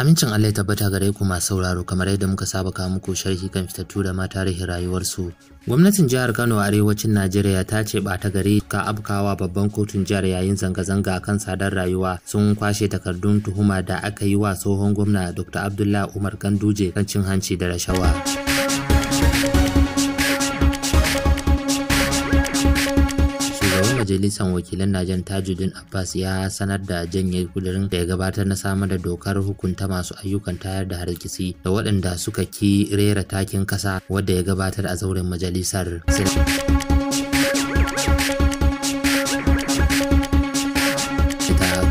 Amincin Allah ya tabbata gare ku masu sauraro kamar yadda muka saba kawo muku sharhi kan fitattu da ma tarihin rayuwarsu. Gwamnatin jihar Kano a arewacin Najeriya ta ce ɓata gari ka abkawa babban kotun jihar yayin zanga-zanga kan sadar rayuwa sun kwashe takardun tuhuma da aka yi wa tsohon gwamna Dr. Abdullahi Umar Ganduje kan cin hanci da rashawa. majalisar wakilan Najan Tajuddin Abbas ya sanar da janye kudirin da ya gabatar na samar da dokar hukunta masu ayyukan tayar da hargitsi da waɗanda suka ki rera takin kasa wadda ya gabatar a zauren majalisar.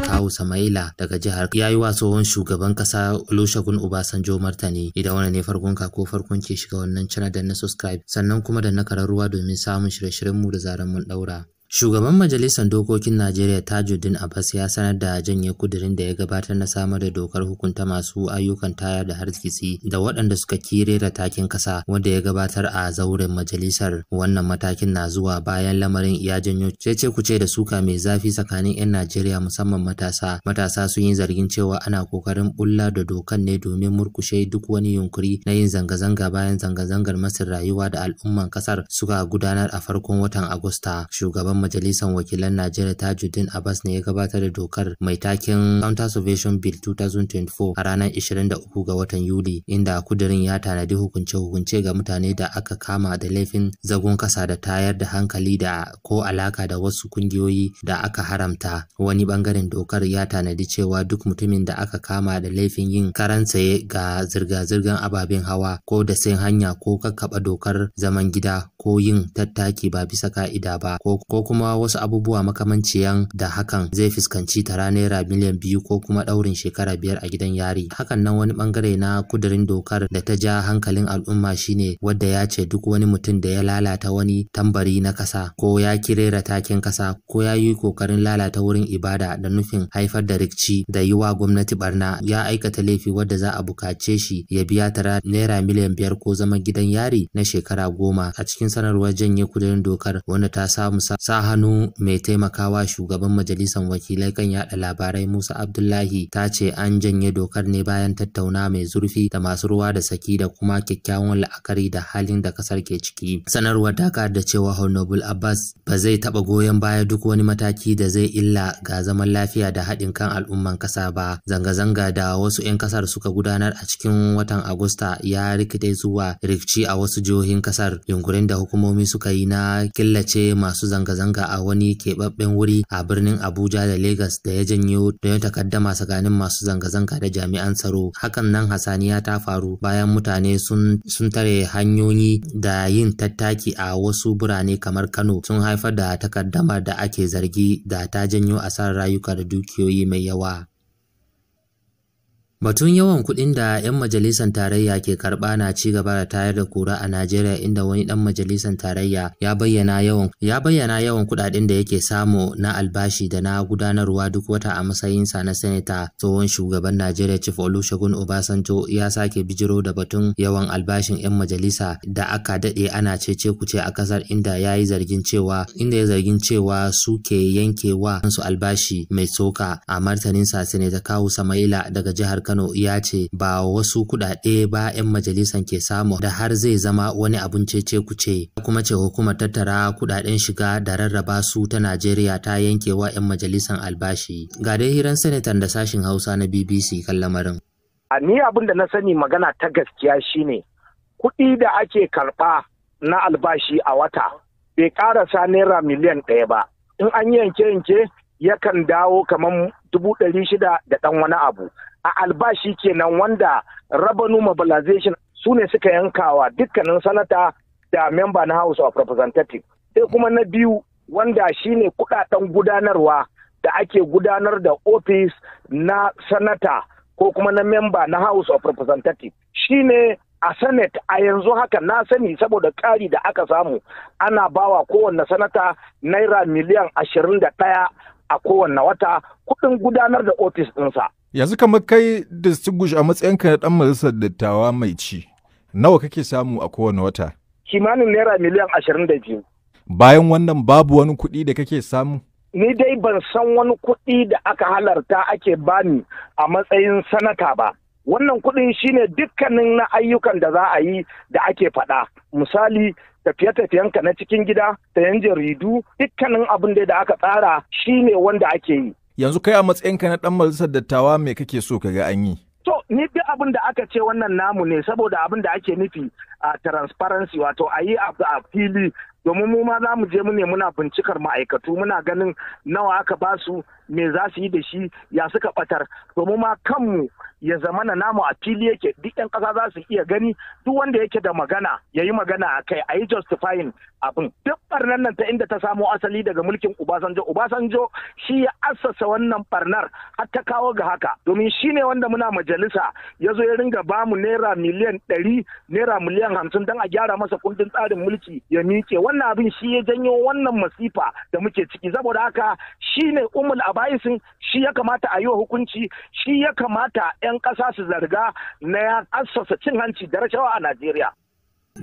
Kawu Samaila daga jihar ya yi wa tsohon shugaban kasa Olusegun Obasanjo martani idan wani ne farkon ka ko farkon ke shiga wannan channel da na subscribe sannan kuma da na kararruwa domin samun shirye-shiryen mu da zaran mun daura. Shugaban Majalisar Dokokin Najeriya Tajuddin Abbas ya sanar da janye kudirin da ya gabatar na samar da dokar hukunta masu ayyukan tayar da harkisi da waɗanda suka kirera takin kasa wanda ya gabatar a zauren majalisar. Wannan matakin na zuwa bayan lamarin ya janyo cece kuce da suka mai zafi tsakanin 'yan Najeriya musamman matasa. Matasa sun yi zargin cewa ana kokarin bulla da dokan ne domin murkushe duk wani yunkuri na yin zanga-zanga bayan zanga-zangar masir rayuwa da al'umman kasar suka gudanar a farkon watan Agusta. Shugaban Majalisar Wakilan Najeriya Tajuddin Abbas ne ya gabatar da dokar mai taken Counter Subversion Bill 2024 a ranar 23 ga watan Yuli inda kudirin ya tanadi hukunce-hukunce ga mutane da aka kama da laifin zagon kasa da tayar da hankali da ko alaka da wasu kungiyoyi da aka haramta. Wani bangaren dokar ya tanadi cewa duk mutumin da aka kama da laifin yin karan tsaye ga zirga-zirgar ababen hawa ko da sayin hanya ko kakkaba dokar zaman gida ko yin tattaki ba bisa ka'ida ba ko kuma wasu abubuwa makamanciyan da hakan zai fuskanci tara naira miliyan biyu ko kuma ɗaurin shekara biyar a gidan yari hakan nan wani bangare na kudirin dokar da ta ja hankalin al'umma shine wadda ya ce duk wani mutum da ya lalata wani tambari na kasa ko ya kirera taken kasa ko ya yi kokarin lalata wurin ibada da nufin haifar da rikici da yi wa gwamnati barna ya aikata laifi wadda za a bukace shi ya biya tara naira miliyan biyar ko zama gidan yari na shekara goma a cikin sanarwar janye kudirin dokar wanda ta samu sa sa hannu mai taimakawa shugaban majalisar wakilai kan yada labarai Musa Abdullahi ta ce an janye dokar ne bayan tattauna mai zurfi da masu ruwa da saki da kuma kyakkyawan la'akari da halin da kasar ke ciki. Sanarwar ta da cewa Honorable Abbas ba zai taɓa goyon baya duk wani mataki da zai illa ga zaman lafiya da haɗin kan al'umman ƙasa ba. Zanga-zanga da wasu 'yan ƙasar suka gudanar a cikin watan Agusta ya rikide zuwa rikici a wasu jihohin ƙasar. Yunkurin da hukumomi suka yi na killace masu zanga-zanga zanga-zanga a wani keɓaɓɓen wuri a birnin Abuja da Lagos da ya janyo da ya takaddama tsakanin masu zanga-zanga da jami'an tsaro. Hakan nan hasaniya ta faru bayan mutane sun sun tare hanyoyi da yin tattaki a wasu birane kamar Kano sun haifar da takaddamar da ake zargi da ta janyo asarar rayuka da dukiyoyi mai yawa. Batun yawan kuɗin da 'yan majalisar tarayya ke karɓa na ci gaba da tayar da kura a Najeriya inda wani ɗan majalisar tarayya ya bayyana yawan ya bayyana yawan kuɗaɗen da yake samu na albashi da na gudanarwa duk wata a matsayinsa na seneta, tsohon shugaban Najeriya Chief Olusegun Obasanjo ya sake bijiro da batun yawan albashin 'yan majalisa da aka daɗe ana cece kuce a ƙasar inda ya yi zargin cewa inda ya zargin cewa su ke yankewa kansu albashi mai tsoka a martaninsa sanata Kawu Samaila daga jihar Kano ya ce ba wasu kuɗaɗe ba 'yan majalisan ke samu da har zai zama wani abun cece kuce kuma ce hukumar tattara kuɗaɗen shiga da rarraba su ta Najeriya ta yanke wa 'yan majalisan albashi. Ga dai hiran sanatan da sashin Hausa na BBC kan lamarin. A ni abin da na sani magana ta gaskiya shine kuɗi da ake karɓa na albashi a wata bai ƙarasa naira miliyan ɗaya ba. In an yanke yanke yakan dawo kamar dubu ɗari shida da ɗan wani abu a albashi kenan wanda revenue mobilization su ne suka yankawa dukkanin sanata da memba na house of representatives. sai kuma na biyu wanda shine kudaden gudanarwa da ake gudanar da office na sanata ko kuma na memba na house of Shi shine a senate a yanzu haka na sani saboda kari da aka samu ana bawa kowanne sanata naira miliyan ashirin da ɗaya a kowanne wata kuɗin gudanar da ofis ɗinsa Yanzu kamar kai distinguish a matsayinka na ɗan majalisar dattawa mai ci, nawa kake samu a kowane wata? Kimanin naira miliyan ashirin da biyu. Bayan wannan babu wani kuɗi da kake samu? Ni dai ban san wani kuɗi da aka halarta ake bani a matsayin sanata ba. Wannan kuɗin shine dukkanin na ayyukan da za a yi da ake faɗa. Misali, tafiye-tafiyenka na cikin gida, yan jaridu, dukkanin abin da aka tsara shine wanda ake yi. yanzu kai a matsayinka na ɗan majalisar dattawa me kake so ka ga an yi? To, ni duk abin da aka ce wannan namu ne saboda abin da ake nufi a transparency wato a yi a fili domin mu ma za mu je mu ne muna bincikar ma'aikatu muna ganin nawa aka ba su me za su yi da shi ya suka batar domin ma kanmu ya zamana namu a fili yake duk yan kasa za su iya gani duk wanda yake da magana ya yi magana a kai a yi justifying abin duk barnar nan ta inda ta samo asali daga mulkin Ubasanjo. Ubasanjo shi ya assasa wannan barnar har ta kawo ga haka domin shi ne wanda muna majalisa ya zo ya ringa bamu naira miliyan ɗari naira miliyan hamsin don a gyara masa kundin tsarin mulki ya miƙe wannan abin shi ya janyo wannan masifa da muke ciki saboda haka shi ne umul abaisin shi ya kamata a yi wa hukunci shi ya kamata 'yan ƙasa su zarga na ya assasa cin hanci da rashawa a najeriya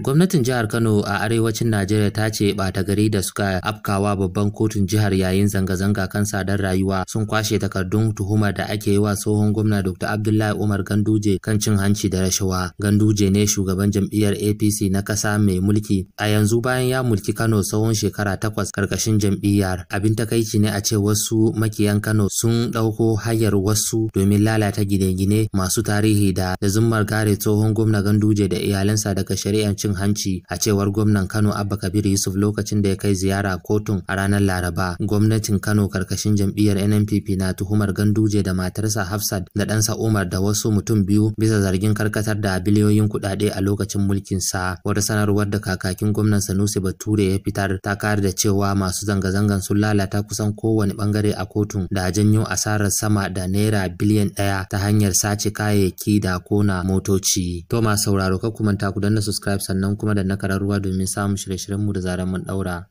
Gwamnatin jihar Kano a arewacin Najeriya ta ce ɓata gari da suka afkawa babban kotun jihar yayin zanga-zanga kan sadar rayuwa sun kwashe takardun tuhumar da ake yi wa tsohon gwamna Dr. Abdullahi Umar Ganduje kan cin hanci da rashawa. Ganduje ne shugaban jam'iyyar APC na ƙasa mai mulki a yanzu bayan ya mulki Kano tsawon shekara takwas karkashin jam'iyyar. Abin takaici ne a ce wasu makiyan Kano sun ɗauko hayar wasu domin lalata gine-gine masu tarihi da da zummar gare tsohon gwamna Ganduje da iyalansa daga shari'ar cin hanci a cewar gwamnan Kano Abba Kabir Yusuf lokacin da ya kai ziyara kotun a ranar Laraba. Gwamnatin Kano karkashin jam'iyyar NNPP na tuhumar Ganduje da matarsa Hafsat da ɗansa Umar da wasu mutum biyu bisa zargin karkatar da biliyoyin kuɗaɗe a lokacin mulkin sa. Wata sanarwar da kakakin gwamnan Sanusi Bature ya fitar ta kare da cewa masu zanga-zangan sun lalata kusan kowane bangare a kotun da janyo asarar sama da naira biliyan ɗaya ta hanyar sace kayayyaki da kona motoci. To masu sauraro ka ta ku danna subscribe sannan kuma da na domin samun shirye-shiryenmu da zarar mun ɗaura.